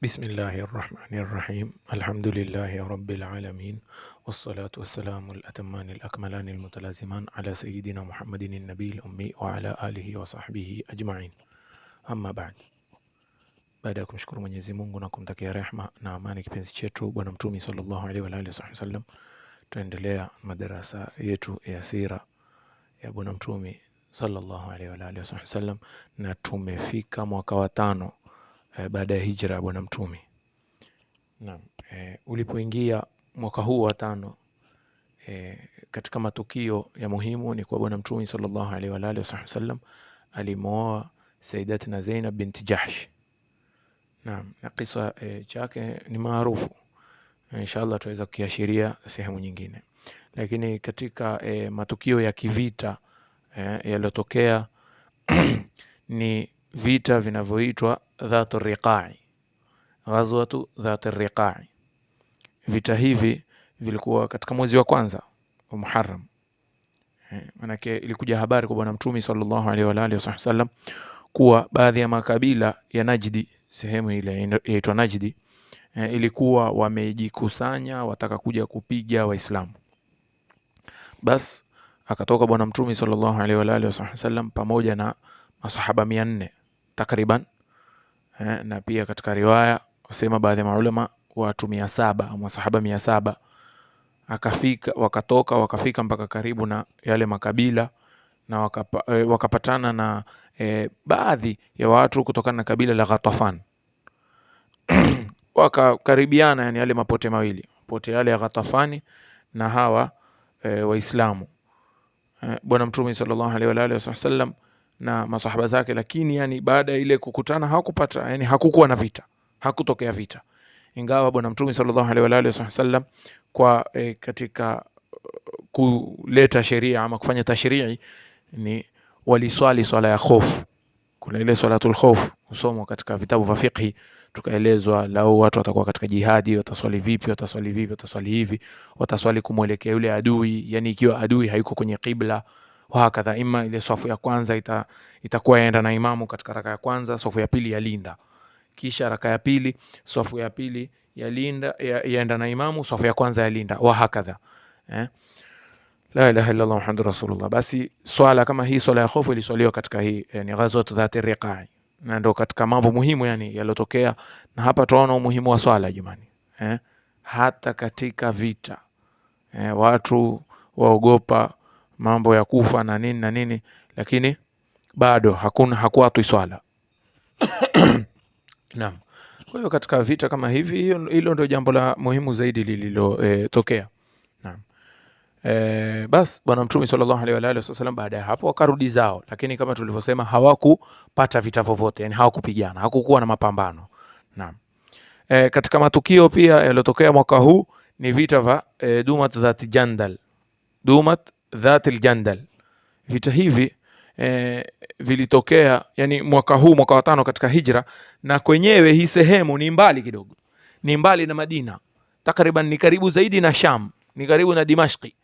Bismillahi rahmani rahim, alhamdulillahi rabbil alamin, wassalatu wassalamu alatamani alakmalani almutalaziman ala sayidina Muhammadin an-nabiyil ummi wa ala alihi wa sahbihi ajma'in, amma ba'd. Baada ya kumshukuru Mwenyezi Mungu na kumtakia rehma na amani kipenzi chetu Bwana mtumi sallallahu alaihi wa alihi wasallam, tuendelea madarasa yetu ya sira ya Bwana mtumi sallallahu alaihi wa alihi wasallam, na tumefika mwaka wa tano eh, baada ya hijra ya Bwana Mtume. Naam, eh, ulipoingia mwaka huu wa tano eh, katika matukio ya muhimu ni kwa Bwana Mtume sallallahu alaihi wa alihi wasallam alimwoa Sayyidatina Zainab binti Jahsh. Naam, na kisa eh, chake ni maarufu. Inshallah tuweza kukiashiria sehemu nyingine, lakini katika eh, matukio ya kivita eh, yaliyotokea ni vita vinavyoitwa dhatu riqai ghazwatu dhatu riqai vita hivi vilikuwa katika mwezi wa kwanza wa Muharram eh, manake ilikuja habari kwa bwana mtume sallallahu alaihi wa alihi wasallam kuwa baadhi ya makabila ya Najdi sehemu ile yaitwa Najdi eh, ilikuwa wamejikusanya wataka kuja kupiga Waislamu bas akatoka bwana mtume sallallahu alaihi wa alihi wasallam pamoja na masahaba mia nne takriban eh, na pia katika riwaya wasema baadhi ya maulama watu mia saba au masahaba mia saba akafika wakatoka wakafika mpaka karibu na yale makabila na wakapa, eh, wakapatana na eh, baadhi ya watu kutokana na kabila la Ghatafan wakakaribiana, yani yale mapote mawili mapote yale ya Ghatafani na hawa eh, Waislamu eh, Bwana Mtume sallallahu alaihi wa alihi wasallam na masahaba zake, lakini yani baada ya ile kukutana hawakupata yani, hakukuwa na vita, hakutokea vita, ingawa bwana mtume sallallahu alaihi wa alihi wasallam kwa e, katika uh, kuleta sheria ama kufanya tashrii ni waliswali swala ya khofu. Kuna ile swalatul khofu husomwa katika vitabu vya fiqhi, tukaelezwa lau watu watakuwa katika jihadi wataswali vipi, wataswali vipi, wataswali hivi, wataswali kumwelekea yule adui, yani ikiwa adui haiko kwenye kibla wahakadha ima ile swafu ya kwanza ita, itakuwa yaenda na imamu katika raka ya kwanza, swafu ya pili yalinda, kisha raka ya pili swafu ya pili yalinda yaenda ya na imamu, swafu ya kwanza yalinda, wahakadha eh? La ilaha illa Allah muhammadur rasulullah. Basi swala kama hii swala ya hofu iliswaliwa katika hii yani eh, ghazwat dhati riqai, na ndo katika mambo muhimu yani yalotokea, na hapa tunaona umuhimu wa swala jamani, eh? hata katika vita eh, watu waogopa mambo ya kufa na nini na nini, lakini bado hakuna hakuatwi swala naam. Kwa hiyo katika vita kama hivi, hilo ndio jambo la muhimu zaidi lililotokea. Eh, e, e, eh, bas Bwana Mtume sallallahu alaihi wa alihi wasallam baada ya hapo wakarudi zao, lakini kama tulivyosema hawakupata vita vovote, yani hawakupigana, hakukuwa na mapambano naam. E, katika matukio pia yaliyotokea mwaka huu ni vita vya e, Dumat dhat Jandal Dumat Dhatil Jandal. Vita hivi e, vilitokea yani mwaka huu mwaka wa tano katika hijra, na kwenyewe hii sehemu ni mbali kidogo, ni mbali na Madina, takriban ni karibu zaidi na Sham, ni karibu na Dimashqi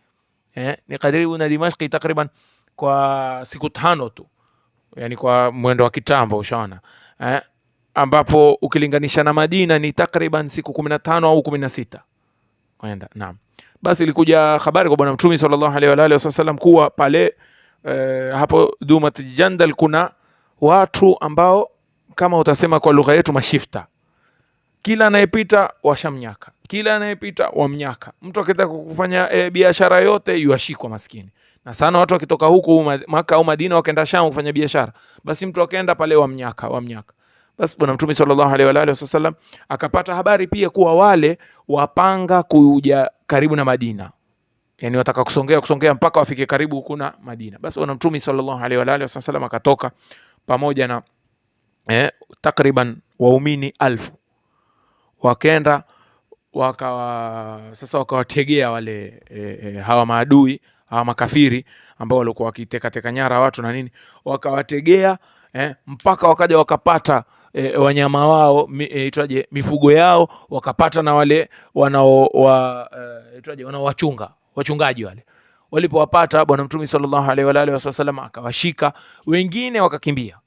eh, ni karibu na Dimashqi takriban kwa siku tano tu, yani kwa mwendo wa kitambo ushaona eh, ambapo ukilinganisha na Madina ni takriban siku 15 au 16 kwenda naam basi ilikuja habari kwa Bwana Mtume sallallahu alaihi wa alihi wasallam kuwa pale eh, hapo Dumat Jandal kuna watu ambao kama utasema kwa lugha yetu mashifta, kila anayepita washamnyaka, kila anayepita wamnyaka. Mtu akitaka kufanya e, biashara yote yuashikwa maskini, na sana watu wakitoka huku Maka au Madina wakaenda Sham kufanya biashara, basi mtu akaenda pale wamnyaka, wamnyaka basi bwana Mtume sallallahu alaihi wa alihi wasallam akapata habari pia kuwa wale wapanga kuja karibu na Madina, yani wataka kusongea kusongea mpaka wafike karibu huko na Madina. Basi bwana Mtume sallallahu alaihi wa alihi wasallam akatoka pamoja na eh, takriban waumini alfu wakenda wakawa sasa wakawategea wale e, e, hawa maadui hawa makafiri ambao walikuwa wakitekateka nyara watu na nini, wakawategea eh, mpaka wakaja wakapata e, wanyama wao mi, e, mifugo yao wakapata na wale wanao wa, e, wana wachungaji wale walipowapata Bwana Mtume sallallahu alaihi wa alihi wasallam akawashika, wengine wakakimbia,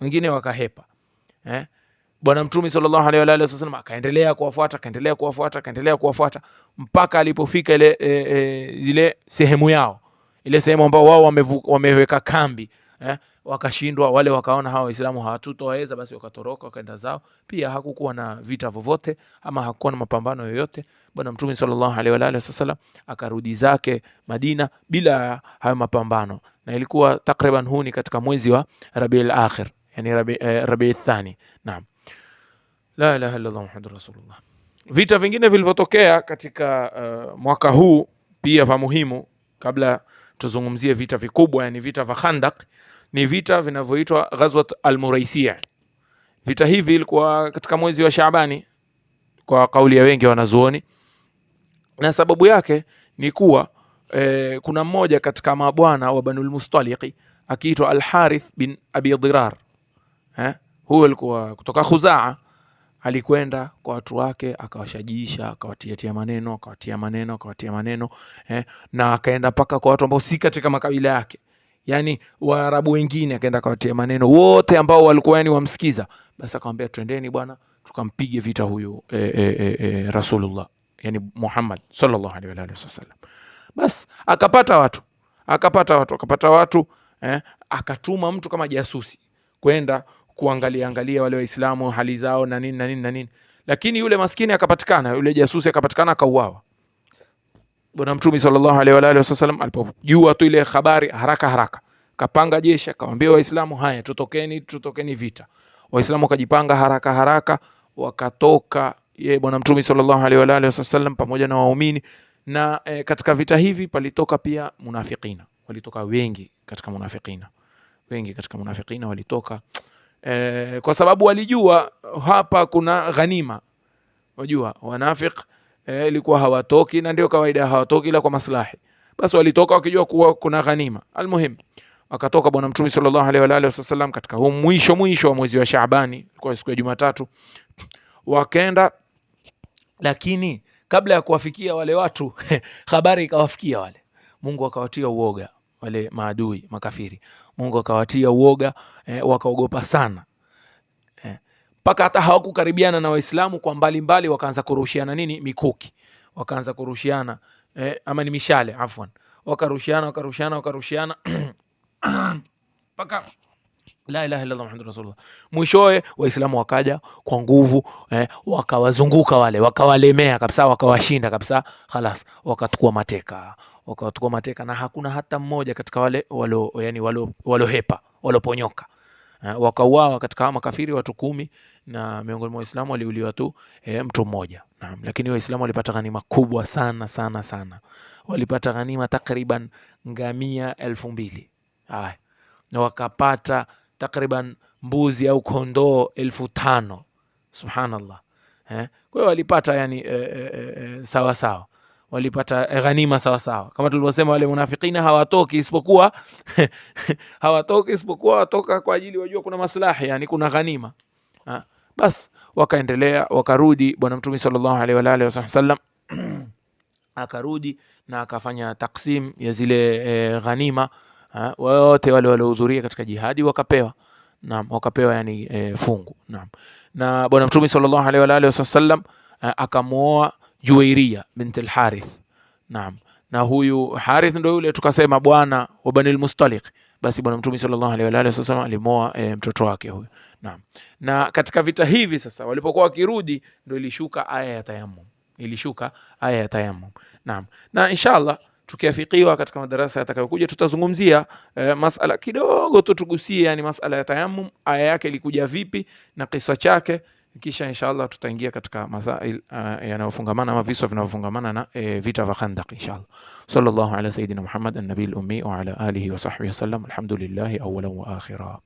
wengine wakahepa eh? Bwana Mtume sallallahu alaihi wa alihi wasallam akaendelea kuwafuata, akaendelea kuwafuata, akaendelea kuwafuata mpaka alipofika ile, e, e, ile sehemu yao ile sehemu ambao wao wameweka kambi eh, wakashindwa wale, wakaona hawa Waislamu hawatutoweza, basi wakatoroka wakaenda zao. Pia hakukuwa na vita vovote ama hakukuwa na mapambano yoyote. Bwana Mtume sallallahu alaihi wa alihi wasallam akarudi zake Madina bila hayo mapambano, na ilikuwa takriban huu ni katika mwezi wa Rabiul Akhir, yani Rabi, eh, Rabi Thani. Naam, la ilaha illallah muhammadur rasulullah. Vita vingine vilivyotokea katika uh, mwaka huu pia vya muhimu kabla tuzungumzie vita vikubwa, yani vita vya Khandak, ni vita vinavyoitwa Ghazwat al-Muraisiya. Vita hivi ilikuwa katika mwezi wa Shaabani kwa kauli ya wengi wanazuoni, na sababu yake ni kuwa e, kuna mmoja katika mabwana wa Banul Mustaliqi akiitwa Al-Harith bin Abi Dirar eh, huyo alikuwa kutoka Khuzaa alikwenda kwa watu wake akawashajiisha, akawatiatia maneno, akawatia maneno, akawatia maneno eh, na akaenda mpaka kwa watu ambao si katika makabila yake, yani Waarabu wengine, akaenda akawatia maneno wote ambao walikuwa yani wamsikiza. Basi akamwambia twendeni bwana, tukampige vita huyu e, e, e, e Rasulullah yani Muhammad sallallahu alaihi wa alihi wasallam. Basi akapata watu akapata watu akapata watu eh, akatuma mtu kama jasusi kwenda kuangalia angalia wale Waislamu hali zao na nini na nini na nini, lakini yule maskini akapatikana, yule jasusi akapatikana, akauawa. Bwana Mtume sallallahu alaihi wa alihi wasallam alipojua tu ile habari, haraka haraka kapanga jeshi, akamwambia Waislamu, haya tutokeni, tutokeni vita. Waislamu wakajipanga haraka haraka, wakatoka ye Bwana Mtume sallallahu alaihi wa alihi wasallam pamoja na waumini na e, katika vita hivi palitoka pia munafikina, walitoka wengi katika munafikina, wengi katika munafikina walitoka e, kwa sababu walijua hapa kuna ghanima. Unajua e, eh, ilikuwa hawatoki na ndio kawaida, hawatoki ila kwa maslahi. Basi walitoka wakijua kuwa kuna ghanima. Almuhim, akatoka Bwana Mtume sallallahu alaihi wa alihi wasallam katika huu mwisho mwisho wa mwezi wa Shaabani, kwa siku ya Jumatatu wakenda, lakini kabla ya kuwafikia wale watu habari ikawafikia wale, Mungu akawatia uoga wale maadui makafiri. Mungu akawatia uoga eh, wakaogopa sana eh, mpaka hata hawakukaribiana na Waislamu kwa mbalimbali mbali, wakaanza kurushiana nini mikuki, wakaanza kurushiana eh, ama ni mishale afwan, wakarushiana wakarushiana wakarushiana mpaka la ilaha Allah muhammadur rasulullah. Mwishowe Waislamu wakaja kwa nguvu eh, wakawazunguka wale, wakawalemea kabisa, wakawashinda kabisa, khalas, wakatukua mateka wakawatukua mateka na hakuna hata mmoja katika wale walo, yani walo, walohepa waloponyoka eh, wakauawa katika hawa makafiri watu kumi na miongoni mwa Waislamu waliuliwa tu e, mtu mmoja na, Lakini Waislamu walipata ghanima kubwa sana sana sana, walipata ghanima takriban ngamia elfu mbili haya na wakapata takriban mbuzi au kondoo elfu tano subhanallah eh. Kwa hiyo walipata yani e, e, e, sawa sawa walipata eh, ghanima sawa sawa kama tulivyosema wale munafikina hawatoki isipokuwa hawatoki isipokuwa watoka kwa ajili wajua kuna maslahi yani kuna ghanima ha. Ah, bas wakaendelea wakarudi bwana mtume sallallahu alaihi wa alihi wasallam akarudi na akafanya taksim ya zile e, ghanima ah, wote wale waliohudhuria katika jihadi wakapewa naam wakapewa yani e, fungu naam na bwana mtume sallallahu alaihi wa alihi wasallam akamuoa Juwairia binti al-Harith. Naam, na huyu Harith ndio yule tukasema bwana wa Banil Mustaliq. Basi bwana Mtume sallallahu alaihi wa alihi wasallam alimoa e, mtoto wake huyu. Naam, na katika vita hivi sasa walipokuwa wakirudi, ndio ilishuka aya ya tayammum, ilishuka aya ya tayammum. Naam, na inshallah tukiafikiwa katika madarasa yatakayokuja tutazungumzia e, masala kidogo tu tugusie, yani masala ya tayammum, aya yake ilikuja vipi na kisa chake kisha inshallah tutaingia katika masail uh, yanayofungamana ama visa vinavyofungamana na e, vita vya Khandaq inshallah. Sallallahu ala sayidina Muhammad an-nabiy al-ummi wa ala alihi wa sahbihi wasallam. Alhamdulillah awwalan wa akhira.